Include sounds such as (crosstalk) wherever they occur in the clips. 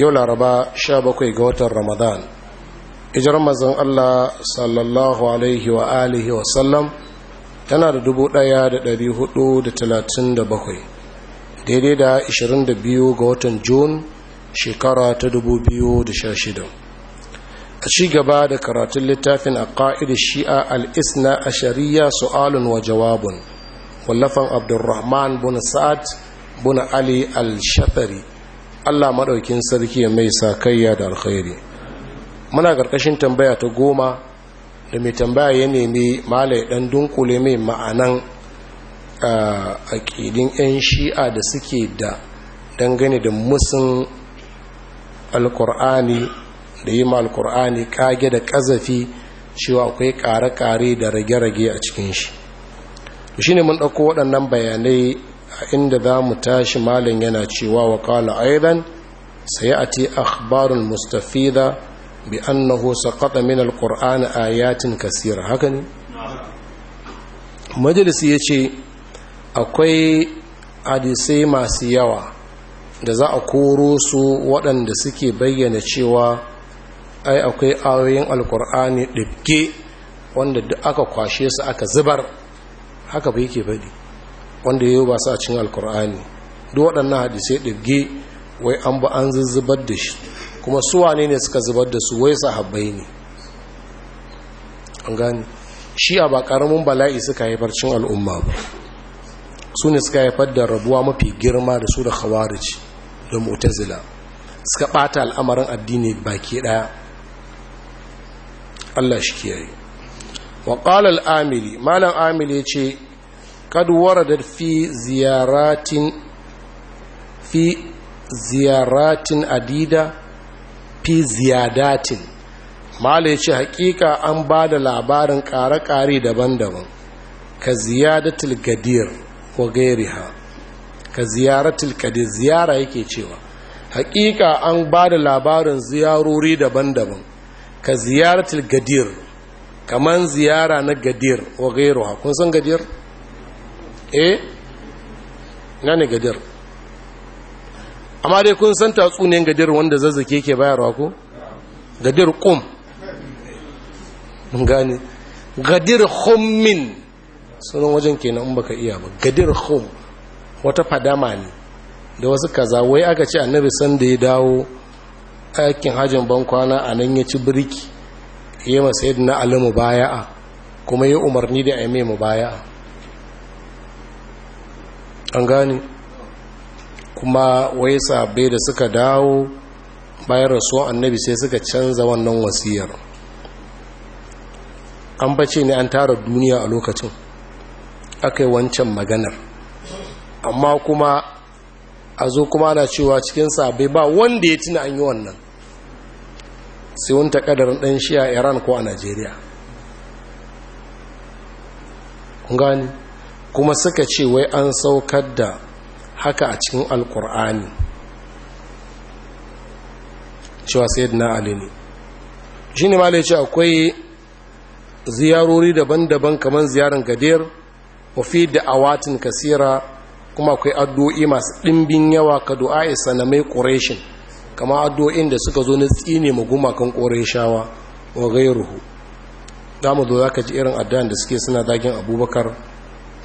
yau laraba 17 ga watan ramadan ijar mazan allah sallallahu alaihi wa alihi wa sallam tana da 1437 daidai da 22 ga watan jun shekara ta 2016 a ci gaba da karatun littafin a ƙa'idar shi'a al'isna a shari'a su'alun wa jawabun wallafan abdurrahman bin sa'ad bin ali al-shafari allah maɗaukin sarki ya mai sa kayya da alkhairi muna ƙarƙashin tambaya ta goma da mai tambaya ya nemi malai ɗan dunkule mai ma'anan aƙidin 'yan shi'a da suke da dangane da musun alkur'ani da yi ma alkur'ani kage da ƙazafi cewa akwai ƙare-ƙare da rage-rage a cikin shi shi ne mun ɗauko waɗannan bayanai a inda za mu tashi malin yana cewa wa kala aidan sai a ti akhbarun mustafida bi annahu saqata min alqur'ani ayatin kasira haka ne majalisi yace akwai hadisai masu yawa da za a koro su waɗanda suke bayyana cewa ai akwai ayoyin alkur'ani ɗibge wanda duk aka kwashe su aka zubar haka ba yake faɗi wanda ya yi ba a cin alkur'ani duk waɗannan hadisai ɗirge wai an ba an da shi kuma suwa ne ne suka zubar da su wai sahabbai ne an gani shi a ba ƙaramin bala'i suka haifar cin al'umma ba su ne suka haifar da rabuwa mafi girma da su da khawarici da mutazila suka ɓata al'amarin addini baki ɗaya Allah shi kiyaye wa qala amili malam amili ce. قد وردت في زيارات في زيارات عديدة fi ziyadatin ce hakika an ba da labarin kare-kare daban-daban ka ziyadatul gadir wa gairiha yake cewa hakika an bada labarin ziyarori daban-daban ka ziyaratul gadir kaman ziyara na gadir wa gairuha kun san gadir? eh ina ne gadir amma dai kun san tatsuniyar gadir wanda zazzake ke bayarwa ko gadir kum mun gane gadir homin, sunan wajen kenan in baka iya ba gadir hum wata fadama ne da wasu kaza wai aka ce annabi san da ya dawo aikin hajjin ban kwana a nan ya ci birki ya masu yadda na alamu baya'a kuma ya umarni da aime mu baya'a an gane kuma wai sabai da suka dawo bayan rasuwan annabi sai suka canza wannan wasiyar an bace ne an tara duniya a lokacin aka yi wancan maganar amma kuma a zo kuma ana cewa cikin sabai ba wanda ya tuna an yi wannan sai wunta kadar ɗan shi a iran ko a najeriya gani kuma suka ce wai an saukar da haka a cikin alkur'ani cewa sayyidina ali ne shi ne malai ce akwai ziyarori daban-daban kamar ziyarar gadir mafi da awatin kasira kuma akwai addu'o'i masu ɗimbin yawa ka na mai ƙureshin kama addu'o'in da suka zo na tsine ma gumakan ƙureshawa wa gairuhu damu zo za ka ji irin addu'an da suke suna zagin abubakar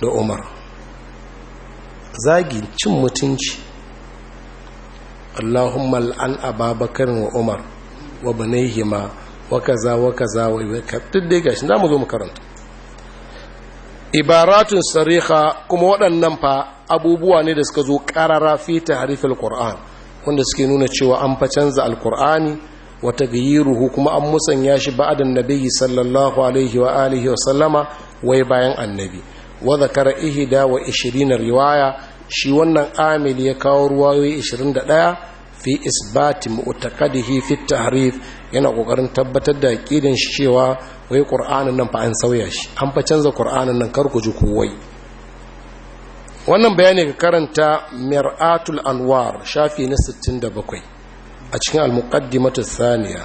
da umar zagi cin mutunci allahumma al'an ababakar wa umar wa hima wa kaza wa kaza wa duk da gashi za mu zo mu ibaratun sariha kuma waɗannan fa abubuwa ne da suka zo ƙarara fi harifin qur'an wanda suke nuna cewa an fa canza alqur'ani wa tagyiruhu kuma an musanya shi ba'adan nabi sallallahu alaihi wa alihi wa sallama wai bayan annabi wa zakara ihda wa ishirina riwaya shi wannan amil ya kawo ruwayoyi ɗaya. fi isbati mu'taqadihi fi tahrif yana kokarin tabbatar da kidan shi cewa wai qur'anin nan fa an sauya shi an fa canza qur'anin nan kar ku ji kowai wannan bayani ka karanta mir'atul anwar shafi na 67 a cikin al-muqaddimatu thaniya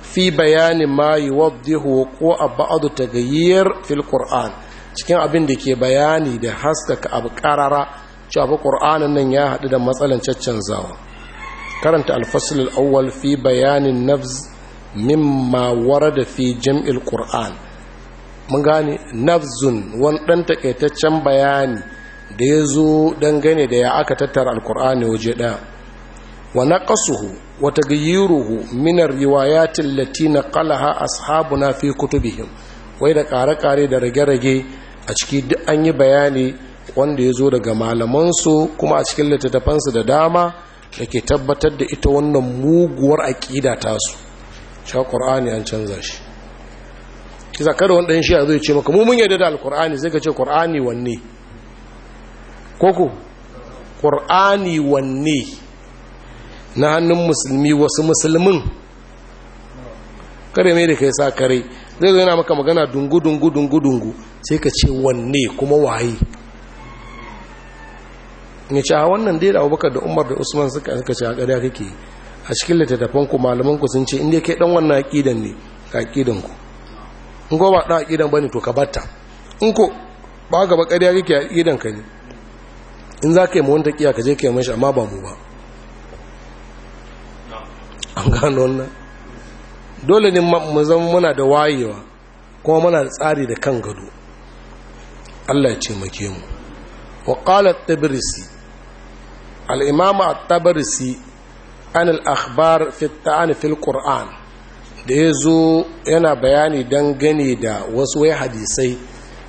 fi bayani ma yuwaddihu ko ba'd tagayyir fil qur'an cikin abin da ke bayani da haskaka abu karara cewa qur'anin nan ya haɗu da matsalan caccanzawa karanta al al'awwal fi bayanin nafs mimma da fi jam'il qur'an mun gane nafzun wani ɗan takaitaccen bayani da ya zo dangane da ya aka tattara alkur'ani waje ɗaya wa na ƙasuhu wata min minar riwayatin latina ƙalaha ashabuna fi kutubihim wai da kare-kare da rage-rage a ciki duk an yi bayani wanda ya zo daga malamansu kuma a cikin littattafansu da dama da ke tabbatar da ita wannan muguwar aƙida tasu sha ƙur'ani an canza shi kisa kada wani ɗan shi a zai ce maka mun yadda da alƙur'ani sai ka ce ƙur'ani wanne koko ƙur'ani wanne na hannun musulmi wasu musulmin kare mai da kai sa kare zai zo yana maka magana dungu dungu dungu dungu sai ka ce wanne kuma waye ne ce a wannan dai da abubakar da umar da usman suka suka ce a ƙarya kake a cikin littattafan ku malaman ku sun ce inda ke dan wannan aqidan ne ka aqidan ku in ko ba dan ba bane to ka batta in ko ba gaba ƙarya kake aqidan ka ne in za ka yi mawanta kiya ka je ka yi mashi amma ba mu ba an gano wannan dole ne mu zama muna da wayewa kuma muna da tsari da kan gado Allah ya ce make mu wa qala at-tabrisi al-imam at-tabrisi an al-akhbar fi at-ta'an fi al-qur'an da yazo yana bayani dangane da wasu wai hadisai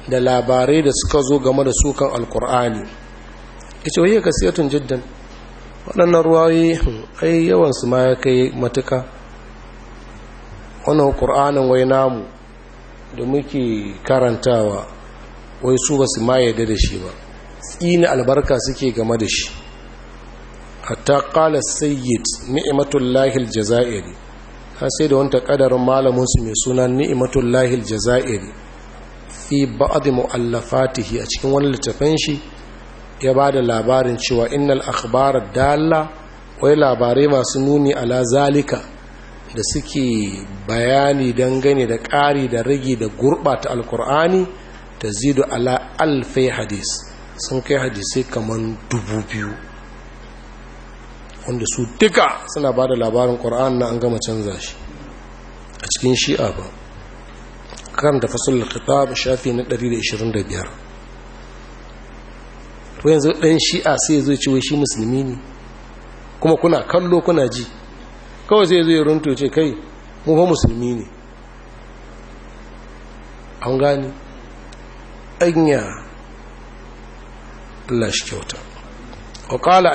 da labarai da suka zo game da sukan al-qur'ani yace wai kasiyatun jiddan waɗannan ruwayi hmm, ai su ma ya kai matuka wannan ƙur'anin wai namu da muke karantawa wai su ba su ma yarda da shi ba tsini albarka suke game da shi hatta ƙala sayyid lahil jaza'iri har sai da wanta ƙadarin su mai suna Lahil jaza'iri fi ba'ad mu'allafatihi a cikin wani littafin shi ya ba da labarin cewa innal akhbar dalla wai labarai masu nuni ala zalika da suke bayani dangane da ƙari da rage da gurɓata alkur'ani ta zido ala alfai hadis sun kai hadisai kamar dubu biyu wanda su duka suna ba da labarin ƙur'an na an gama canza shi a cikin shi'a ba kan da fasul khitab shafi na 125 to yanzu ɗan shi'a sai zai ce wai shi musulmi ne kuma kuna kallo kuna ji kawai sai zai runto ce kai mu fa musulmi ne an gani anya Allah shi kyauta wa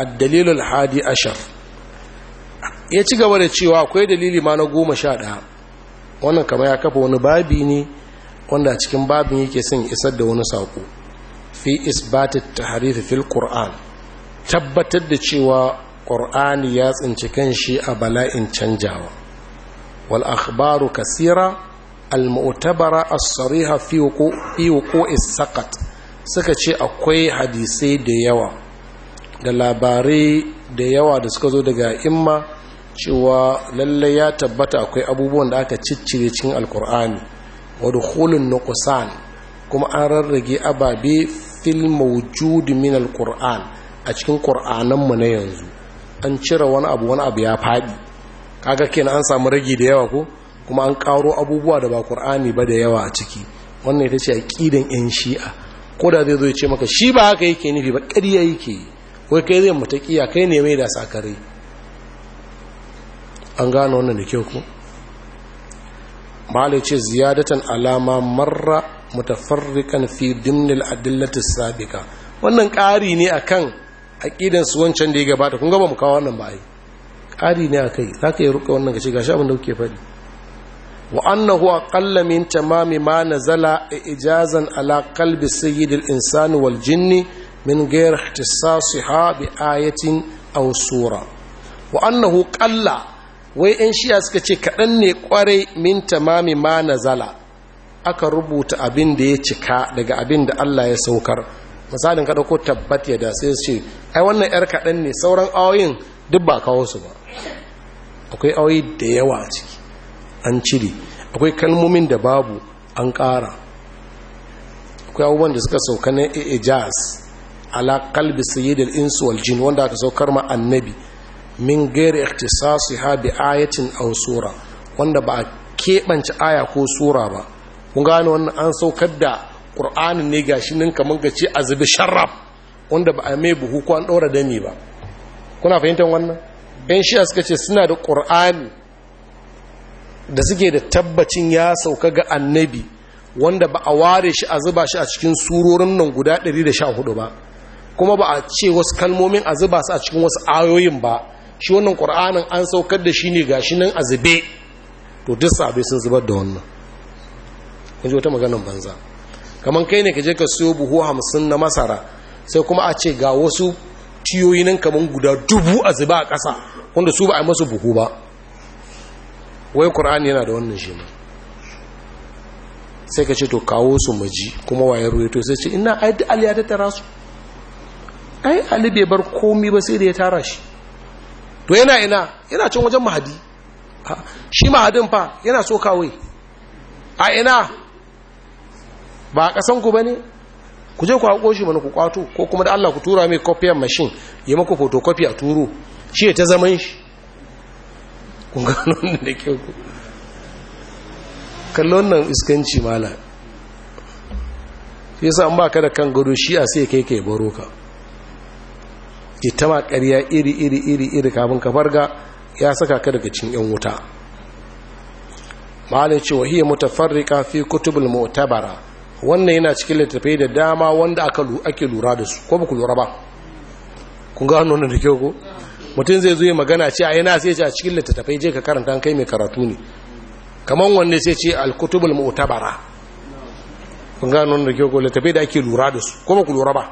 A hadi ashar ya ci gaba da cewa akwai dalili ma na goma sha ɗaya wannan kama ya kafa wani babi ne wanda cikin babin yake son isar da wani saƙo fi isbatit harifi fil qur'an tabbatar da cewa ƙur'ani ya tsinci kan shi a bala'in canjawa wal akhbaru kasira al mu'tabara as-sariha fi is saqat suka ce akwai hadisai da yawa da labarai da yawa da suka zo daga imma cewa lalle ya tabbata akwai abubuwan da aka ciccire cikin alkur'ani wa dukhulun nuqsan kuma an rarrage ababe fil mawjud min alkur'an a cikin mu na yanzu an cire wani abu wani abu ya faɗi kaga kenan an samu ragi da yawa ko kuma an ƙaro abubuwa da ba ƙur'ani ba da yawa a ciki wannan ita ce aƙidan 'yan shi'a ko zai zo ya ce maka shi ba haka yake nufi ba ƙarya yake wai kai zai mataƙiya kai ne mai da sakare an gane wannan da kyau ko malai ce ziyadatan alama marra mutafarrikan fi dimnil adillatis sabiqa wannan ƙari ne akan aƙidan su wancan da ya gabata kun gaba mu kawo wannan ba ai ƙari ne akai ka yi ruka wannan gashi gashi abin da kuke faɗi wa annahu aqalla min tamami ma nazala ijazan ala qalbi sayyidil insani wal jinni min ghair ihtisasiha bi ayatin aw sura wa annahu qalla wai yan shiya suka ce kaɗan ne ƙwarai min tamami ma nazala aka rubuta abin da ya cika daga abin da Allah ya saukar misalin ka dauko tabbat da sai su ce ai wannan yar kaɗan ne sauran ayoyin duk ba kawo su ba akwai ayoyi da yawa a ciki an cire akwai kalmomin da babu an ƙara akwai abubuwan da suka sauka na ijaz ala kalbi sayyidil insu wal jin wanda aka saukar ma annabi min gairi ha bi ayatin aw sura wanda ba a keɓance aya ko sura ba kun gane wannan an saukar da ƙur'anin ne gashi nan kaman ga ce azubi sharraf wanda ba a mai buhu ko an ɗora dami ba kuna fahimtar wannan yan shiya suka ce suna da ƙur'ani da suke da tabbacin ya sauka ga annabi wanda ba a ware shi a zuba shi a cikin surorin nan guda 114 ba kuma ba a ce wasu kalmomin a zuba su a cikin wasu ayoyin ba shi wannan ƙur'anin an saukar da shi ne ga nan a to duk sabai sun zubar da wannan kun ji wata maganar banza kamar kai ne ka je ka siyo buhu hamsin na masara sai kuma a ce ga wasu tiyoyi nan kamar guda dubu a zuba a ƙasa wanda su ba a masu buhu ba wai ƙur'ani yana da wannan shi sai ka ce to kawo su maji kuma waye to sai ce ina ai ali ya tattara su ai ali bai bar komi ba sai da ya tara shi to yana ina yana cin wajen mahadi shi mahadin fa yana so kawai a ina ba a kasan ku bane ku je ku haƙo shi mana ku kwato ko kuma da Allah ku tura mai copy mashin ya maku fotokofi a turo shi ya ta zaman shi kun gano da kyau ku kallon nan iskanci mala shi yasa an ka da kan gado shi a sai kai kai baro ka ita ma ƙarya iri iri iri iri kafin ka farga ya saka ka daga cin yan wuta malai ce wa mutafarrika fi kutubul mu'tabara wannan yana cikin littattafai da dama wanda ake lura da su ko ba ku lura ba kun gano wannan da kyau ko mutum zai zo magana ce a yana sai ce a cikin littattafai je ka karanta kai mai karatu ne kamar wanne sai ce alkutubul mu'tabara kun gano wannan da kyau ko littattafai da ake lura da su ko ba ku lura ba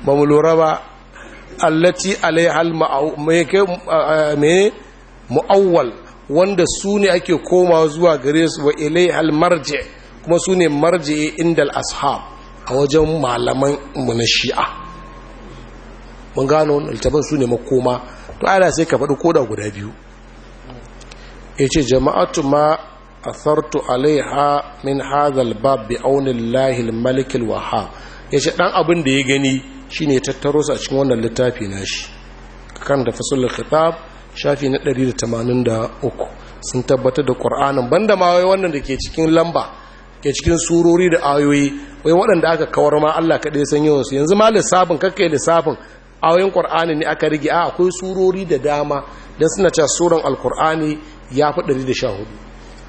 (laughs) ba mu lura ba allati ma'au al eh, mu'awwal wanda su ne ake koma zuwa gare su wa ilai almarje kuma su ne marje inda al'ashab a wajen malaman mu shi'a mun gano littafin su ne makoma to ala sai ka faɗi koda guda biyu ya ce jama'atu ma athartu alaiha min hadhal bab bi malikil waha. Ya ce ɗan abin da ya gani shine tattaro su a cikin wannan littafi na shi. kan da fasul khitab shafi na 183 sun tabbatar da ƙur'anin banda ma wai wannan da ke cikin lamba ke cikin surori da ayoyi wai waɗanda aka kawar ma Allah kaɗai san yawansu yanzu ma lissafin kakkai lissafin ayoyin ƙur'ani ne aka rige a akwai surori da dama don suna ca suran alƙur'ani ya fi 114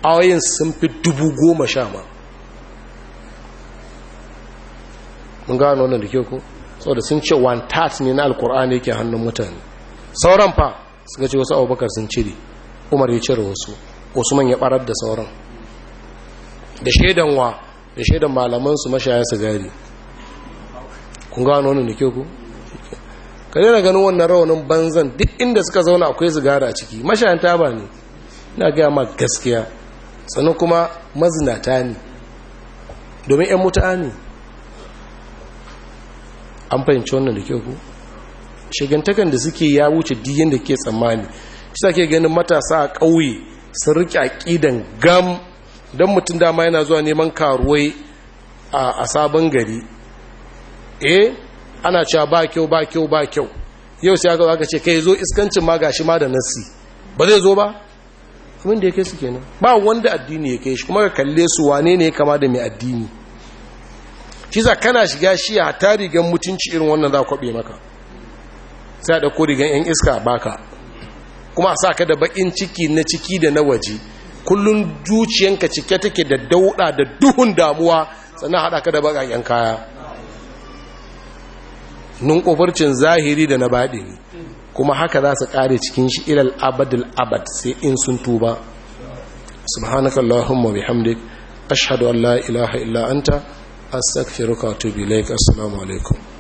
ayoyin sun fi dubu goma sha ma mun gano wannan da ke ko saboda sun ce one tat ne na alƙur'ani yake hannun mutane sauran fa suka ce wasu abubakar sun cire umar ya cire wasu usman ya barar da sauran da shaidan wa da shaidan malaman su mashaya sigari kun gano wannan da ku ka na ganin wannan rawanin banzan duk inda suka zauna akwai sigari a ciki mashayan taba ne na gaya ma gaskiya sannan kuma mazinata ne domin 'yan mutane an fahimci wannan da ku shigantakan da suke ya wuce diyan da ke tsammani shi ke ganin matasa a ƙauye sun riƙe aƙidan gam don mutum dama yana zuwa neman karuwai a sabon gari eh ana cewa ba kyau ba kyau ba kyau yau sai aka zaka ce kai zo iskancin ma gashi ma da nasi ba zai zo ba kuma da ya su kenan ba wanda addini ya kai shi kuma ka kalle su wane ne kama da mai addini shi kana shiga shi a tarigan mutunci irin wannan za kwaɓe maka sai da ko rigan yan iska baka kuma a sa ka da bakin ciki na ciki da na waje kullun zuciyanka cike take da dauda da duhun damuwa sannan hada ka da bakayen kaya nun kofarcin zahiri da na baɗi kuma haka za su kare cikin shi ilal abadul abad sai in sun tuba subhanakallahumma bihamdik ashhadu an la ilaha illa anta astaghfiruka wa atubu ilaik assalamu alaikum